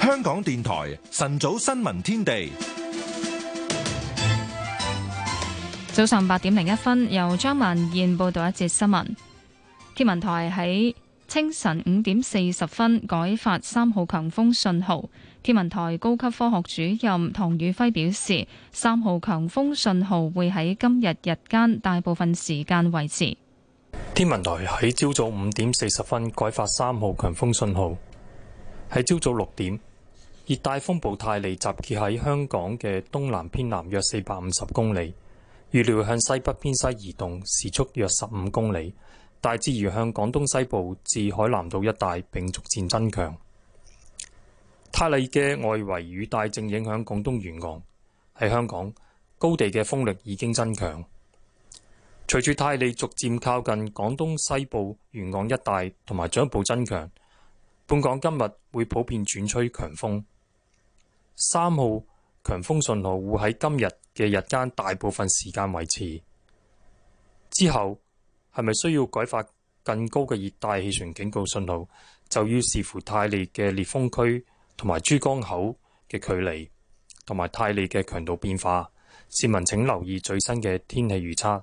香港電台晨早新聞天地，早上八點零一分，由張曼燕報道一節新聞。天文台喺。清晨五點四十分改發三號強風信號，天文台高級科學主任唐宇輝表示，三號強風信號會喺今日日間大部分時間維持。天文台喺朝早五點四十分改發三號強風信號，喺朝早六點，熱帶風暴泰利集結喺香港嘅東南偏南約四百五十公里，預料向西北偏西移動，時速約十五公里。大致如向廣東西部至海南島一帶並逐漸增強，泰利嘅外圍雨帶正影響廣東沿岸。喺香港高地嘅風力已經增強，隨住泰利逐漸靠近廣東西部沿岸一帶同埋進一步增強，本港今日會普遍轉吹強風。三號強風信號會喺今日嘅日間大部分時間維持，之後，係咪需要改發更高嘅熱帶氣旋警告信號？就要視乎泰利嘅烈風區同埋珠江口嘅距離，同埋泰利嘅強度變化。市民請留意最新嘅天氣預測。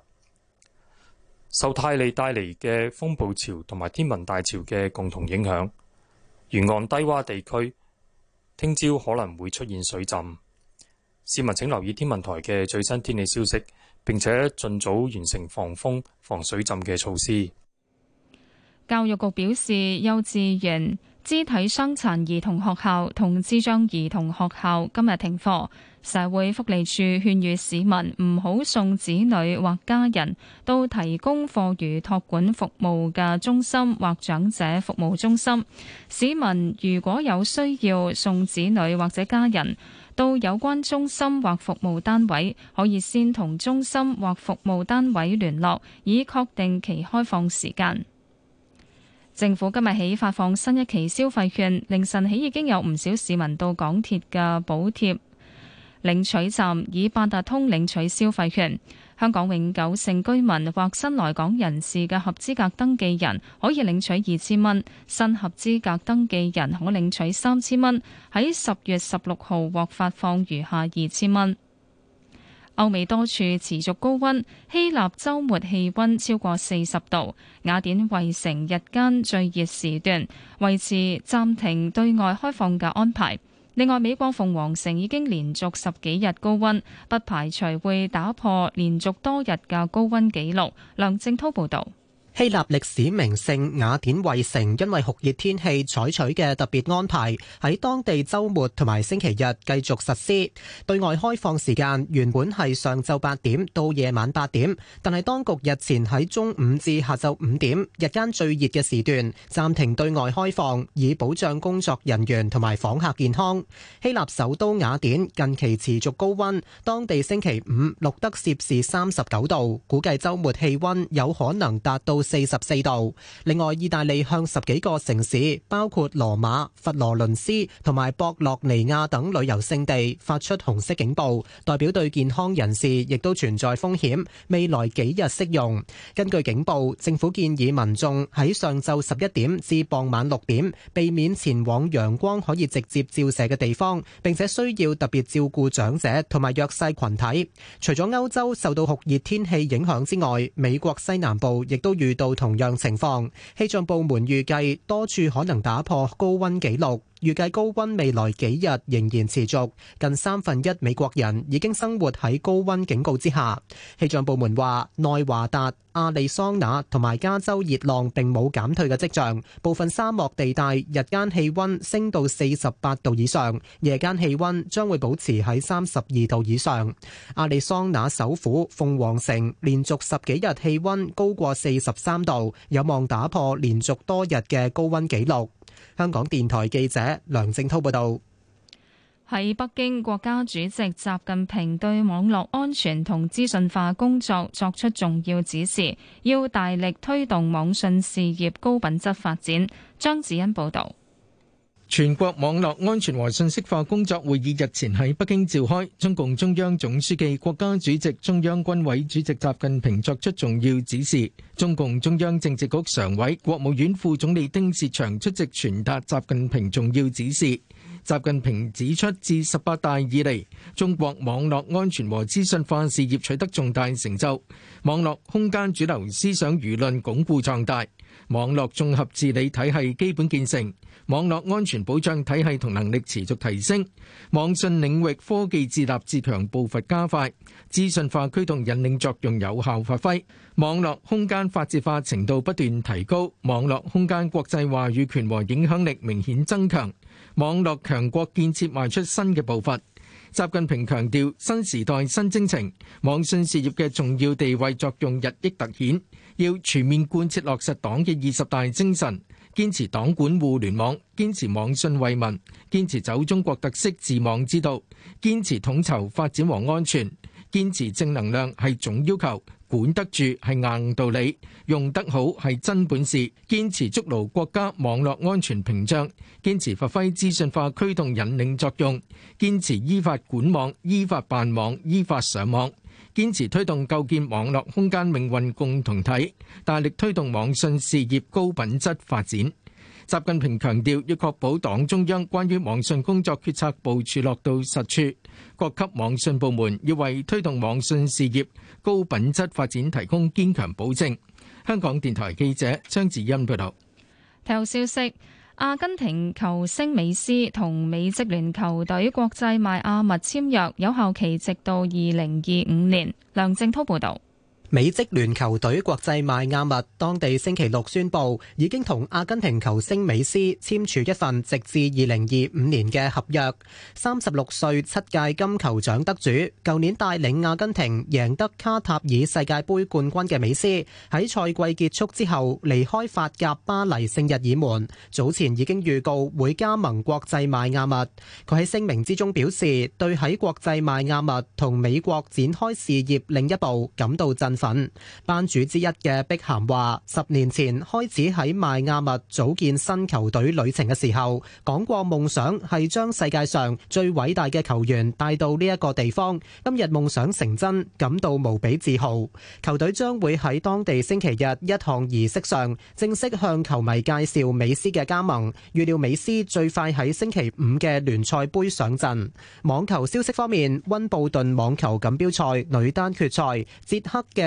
受泰利帶嚟嘅風暴潮同埋天文大潮嘅共同影響，沿岸低窪地區聽朝可能會出現水浸。市民請留意天文台嘅最新天氣消息。並且盡早完成防風防水浸嘅措施。教育局表示，幼稚園、肢體傷殘兒童學校同智障兒童學校今日停課。社會福利署勸喻市民唔好送子女或家人到提供課餘托管服務嘅中心或長者服務中心。市民如果有需要送子女或者家人，到有關中心或服務單位，可以先同中心或服務單位聯絡，以確定其開放時間。政府今日起發放新一期消費券，凌晨起已經有唔少市民到港鐵嘅補貼。領取站以八達通領取消費券，香港永久性居民或新來港人士嘅合資格登記人可以領取二千蚊，新合資格登記人可領取三千蚊，喺十月十六號獲發放餘下二千蚊。歐美多處持續高温，希臘周末氣溫超過四十度，雅典衛城日間最熱時段維持暫停對外開放嘅安排。另外，美國鳳凰城已經連續十幾日高温，不排除會打破連續多日嘅高温紀錄。梁正滔報導。希臘歷史名勝雅典衛城因為酷熱天氣採取嘅特別安排，喺當地週末同埋星期日繼續實施對外開放時間。原本係上晝八點到夜晚八點，但係當局日前喺中午至下晝五點日間最熱嘅時段暫停對外開放，以保障工作人員同埋訪客健康。希臘首都雅典近期持續高温，當地星期五錄得攝氏三十九度，估計週末氣温有可能達到四十四度。另外，意大利向十幾個城市，包括羅馬、佛羅倫斯同埋博洛尼亞等旅遊勝地，發出紅色警報，代表對健康人士亦都存在風險。未來幾日適用。根據警報，政府建議民眾喺上晝十一點至傍晚六點，避免前往陽光可以直接照射嘅地方，並且需要特別照顧長者同埋弱勢群體。除咗歐洲受到酷熱天氣影響之外，美國西南部亦都遇。到同樣情況，氣象部門預計多處可能打破高温紀錄。預計高溫未來幾日仍然持續，近三分一美國人已經生活喺高溫警告之下。氣象部門話，內華達、亞利桑那同埋加州熱浪並冇減退嘅跡象，部分沙漠地帶日間氣溫升到四十八度以上，夜間氣溫將會保持喺三十二度以上。亞利桑那首府鳳凰城連續十幾日氣溫高過四十三度，有望打破連續多日嘅高溫紀錄。香港電台記者梁正濤報道。喺北京，國家主席習近平對網絡安全同資訊化工作作出重要指示，要大力推動網信事業高品質發展。張子欣報道。全國網絡安全和信息化工作會議日前喺北京召開，中共中央總書記、國家主席、中央軍委主席習近平作出重要指示，中共中央政治局常委、國務院副總理丁薛祥出席傳達習近平重要指示。習近平指出，自十八大以嚟，中國網絡安全和資訊化事業取得重大成就，網絡空間主流思想輿論鞏固壯大。網絡綜合治理體系基本建成，網絡安全保障體系同能力持續提升，網信領域科技自立自強步伐加快，資訊化驅動引領作用有效發揮，網絡空間法治化程度不斷提高，網絡空間國際話語權和影響力明顯增強，網絡強國建設邁出新嘅步伐。習近平強調，新時代新征程，網信事業嘅重要地位作用日益凸顯。要全面貫徹落實黨嘅二十大精神，堅持黨管互聯網，堅持網信為民，堅持走中國特色治網之道，堅持統籌發展和安全，堅持正能量係總要求，管得住係硬道理，用得好係真本事。堅持築牢國家網絡安全屏障，堅持發揮資訊化驅動引領作用，堅持依法管網、依法辦網、依法上網。堅持推動構建網絡空間命運共同體，大力推動網信事業高品質發展。習近平強調，要確保黨中央關於網信工作決策部署落到實處。各級網信部門要為推動網信事業高品質發展提供堅強保證。香港電台記者張智欣報道。體育消息。阿根廷球星美斯同美職聯球隊國際邁阿密簽約，有效期直到二零二五年。梁正濤報道。美職聯球隊國際邁亞密當地星期六宣佈，已經同阿根廷球星美斯簽署一份直至二零二五年嘅合約。三十六歲七屆金球獎得主，舊年帶領阿根廷贏得卡塔爾世界杯冠軍嘅美斯，喺賽季結束之後離開法甲巴黎聖日耳門，早前已經預告會加盟國際邁亞密。佢喺聲明之中表示，對喺國際邁亞密同美國展開事業另一步感到震。份班主之一嘅碧咸話：十年前開始喺邁阿密組建新球隊旅程嘅時候，講過夢想係將世界上最偉大嘅球員帶到呢一個地方。今日夢想成真，感到無比自豪。球隊將會喺當地星期日一項儀式上，正式向球迷介紹美斯嘅加盟。預料美斯最快喺星期五嘅聯賽杯上陣。網球消息方面，溫布頓網球錦標賽女單決賽，捷克嘅。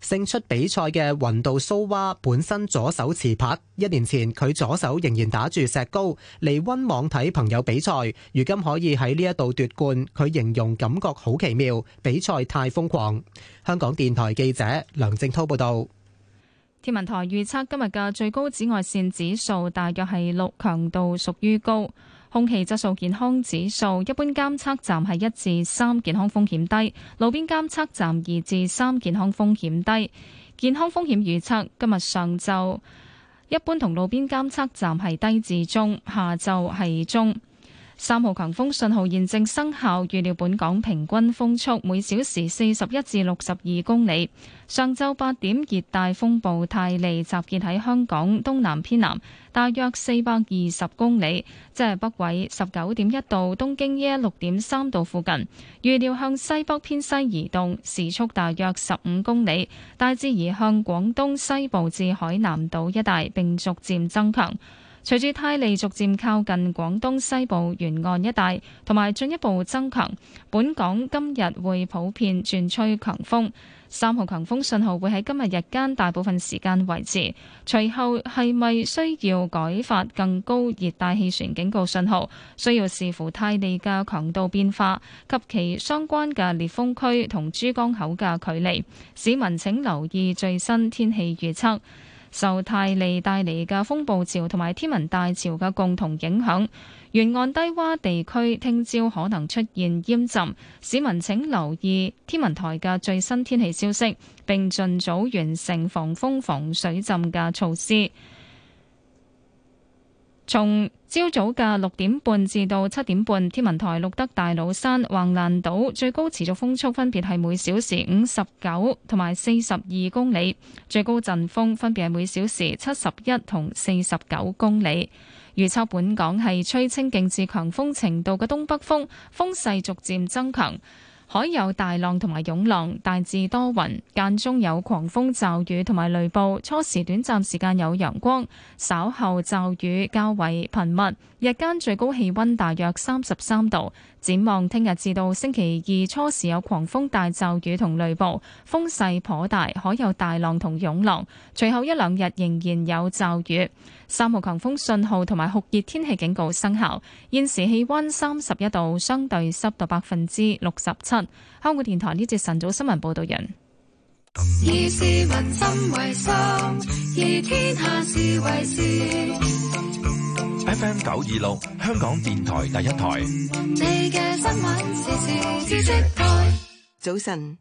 勝出比賽嘅雲道蘇娃本身左手持拍，一年前佢左手仍然打住石膏，嚟溫網睇朋友比賽，如今可以喺呢一度奪冠，佢形容感覺好奇妙，比賽太瘋狂。香港電台記者梁正濤報道。天文台預測今日嘅最高紫外線指數大約係六，強度屬於高。空氣質素健康指數，一般監測站係一至三，健康風險低；路邊監測站二至三，健康風險低。健康風險預測，今日上晝一般同路邊監測站係低至中，下晝係中。三號強風信號現正生效，預料本港平均風速每小時四十一至六十二公里。上晝八點，熱帶風暴泰利集結喺香港東南偏南，大約四百二十公里，即係北緯十九點一度，東經耶六點三度附近。預料向西北偏西移動，時速大約十五公里，大致移向廣東西部至海南島一帶並逐漸增強。隨住泰利逐漸靠近廣東西部沿岸一帶，同埋進一步增強，本港今日會普遍轉吹強風，三號強風信號會喺今日日間大部分時間維持。隨後係咪需要改發更高熱帶氣旋警告信號，需要視乎泰利嘅強度變化及其相關嘅烈風區同珠江口嘅距離。市民請留意最新天氣預測。受泰利帶嚟嘅風暴潮同埋天文大潮嘅共同影響，沿岸低洼地區聽朝可能出現淹浸，市民請留意天文台嘅最新天氣消息，並盡早完成防風防水浸嘅措施。從朝早嘅六點半至到七點半，天文台錄得大老山、橫瀾島最高持續風速分別係每小時五十九同埋四十二公里，最高陣風分別係每小時七十一同四十九公里。預測本港係吹清勁至強風程度嘅東北風，風勢逐漸增強。海有大浪同埋湧浪，大致多雲，間中有狂風驟雨同埋雷暴，初時短暫時間有陽光，稍後驟雨較為頻密。日間最高氣溫大約三十三度。展望聽日至到星期二，初時有狂風大驟雨同雷暴，風勢頗大，可有大浪同湧浪。隨後一兩日仍然有驟雨，三號強風信號同埋酷熱天氣警告生效。現時氣溫三十一度，相對濕度百分之六十七。香港電台呢節晨早新聞報道人。以民心為心，以天下事為事。FM 九二六，26，香港電台第一台。早晨，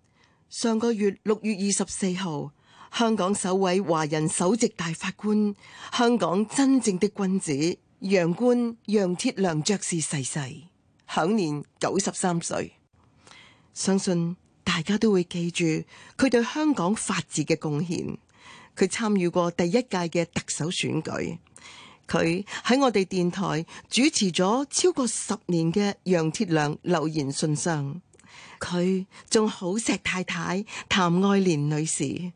上個月六月二十四號，香港首位華人首席大法官，香港真正的君子楊官楊鐵良爵士逝世，世，世，享年九十三歲。相信大家都會記住佢對香港法治嘅貢獻，佢參與過第一屆嘅特首選舉。佢喺我哋電台主持咗超過十年嘅楊鐵良留言信箱，佢仲好錫太太譚愛蓮女士。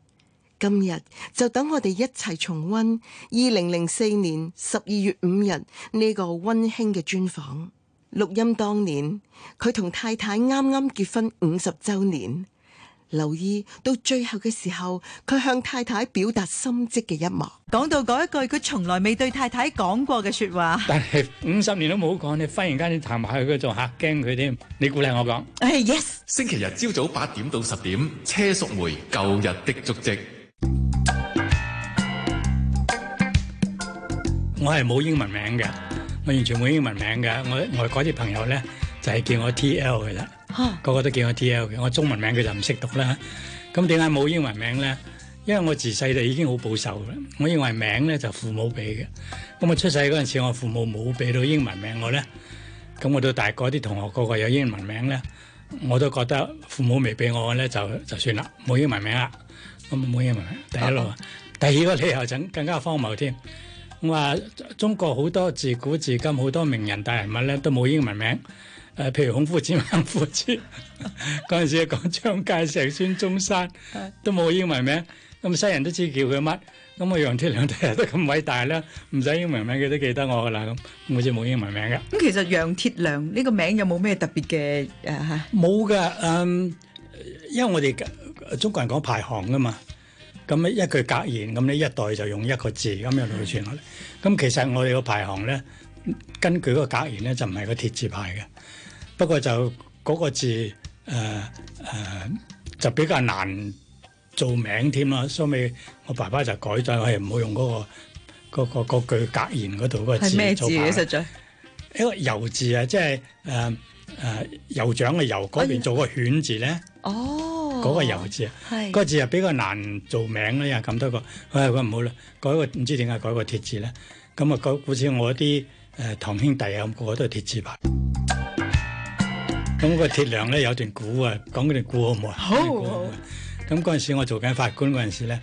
今日就等我哋一齊重溫二零零四年十二月五日呢個溫馨嘅專訪錄音。當年佢同太太啱啱結婚五十周年。留意到最後嘅時候，佢向太太表達心跡嘅一幕。講到嗰一句佢從來未對太太講過嘅説話。但係五十年都冇講，你忽然間你談下佢嗰度嚇驚佢添。你鼓勵我講。係 yes。星期日朝早八點到十點，車淑梅《舊日的足跡》。我係冇英文名嘅，我完全冇英文名嘅。我我嗰啲朋友咧就係叫我 TL 嘅啦。個個都叫我 T.L. 嘅，我中文名佢就唔識讀啦。咁點解冇英文名咧？因為我自細就已經好保守啦。我認為名咧就父母俾嘅。咁我出世嗰陣時，我父母冇俾到英文名我咧。咁我到大個啲同學個個有英文名咧，我都覺得父母未俾我嘅咧就就算啦，冇英文名啦。咁冇英文名，第一個。第二個理由就更加荒謬添。我話，中國好多自古至今好多名人大人物咧都冇英文名。誒，譬如孔夫子、孟夫子嗰陣時，講蔣介石、孫中山都冇英文名，咁西人都知叫佢乜。咁我楊鐵梁第日都咁偉大啦，唔使英文名佢都記得我噶啦。咁我哋冇英文名嘅。咁其實楊鐵梁呢個名有冇咩特別嘅啊？冇噶，嗯，因為我哋中國人講排行噶嘛，咁咧一句格言，咁咧一代就用一個字咁一路傳落嚟。咁其實我哋個排行咧，根據嗰個格言咧，就唔係個鐵字排嘅。不過就嗰個字誒誒、呃呃、就比較難做名添咯，所尾我爸爸就改咗，係唔好用嗰、那個、那個、句格言嗰度嗰個字做牌。係咩字啊？實因為酋字啊，即係誒誒酋長嘅酋嗰邊做個犬字咧。哦、哎，嗰個酋字啊，嗰個字又比較難做名咧，又咁多個，唉、哎，我唔好啦，改個唔知點解改個鐵字咧。咁、那、啊、個，嗰故此我啲誒、呃、堂兄弟啊，個個都係鐵字牌。咁個鐵梁咧有段古啊，講嗰段古好唔好啊？好，咁嗰時我做緊法官嗰陣時咧。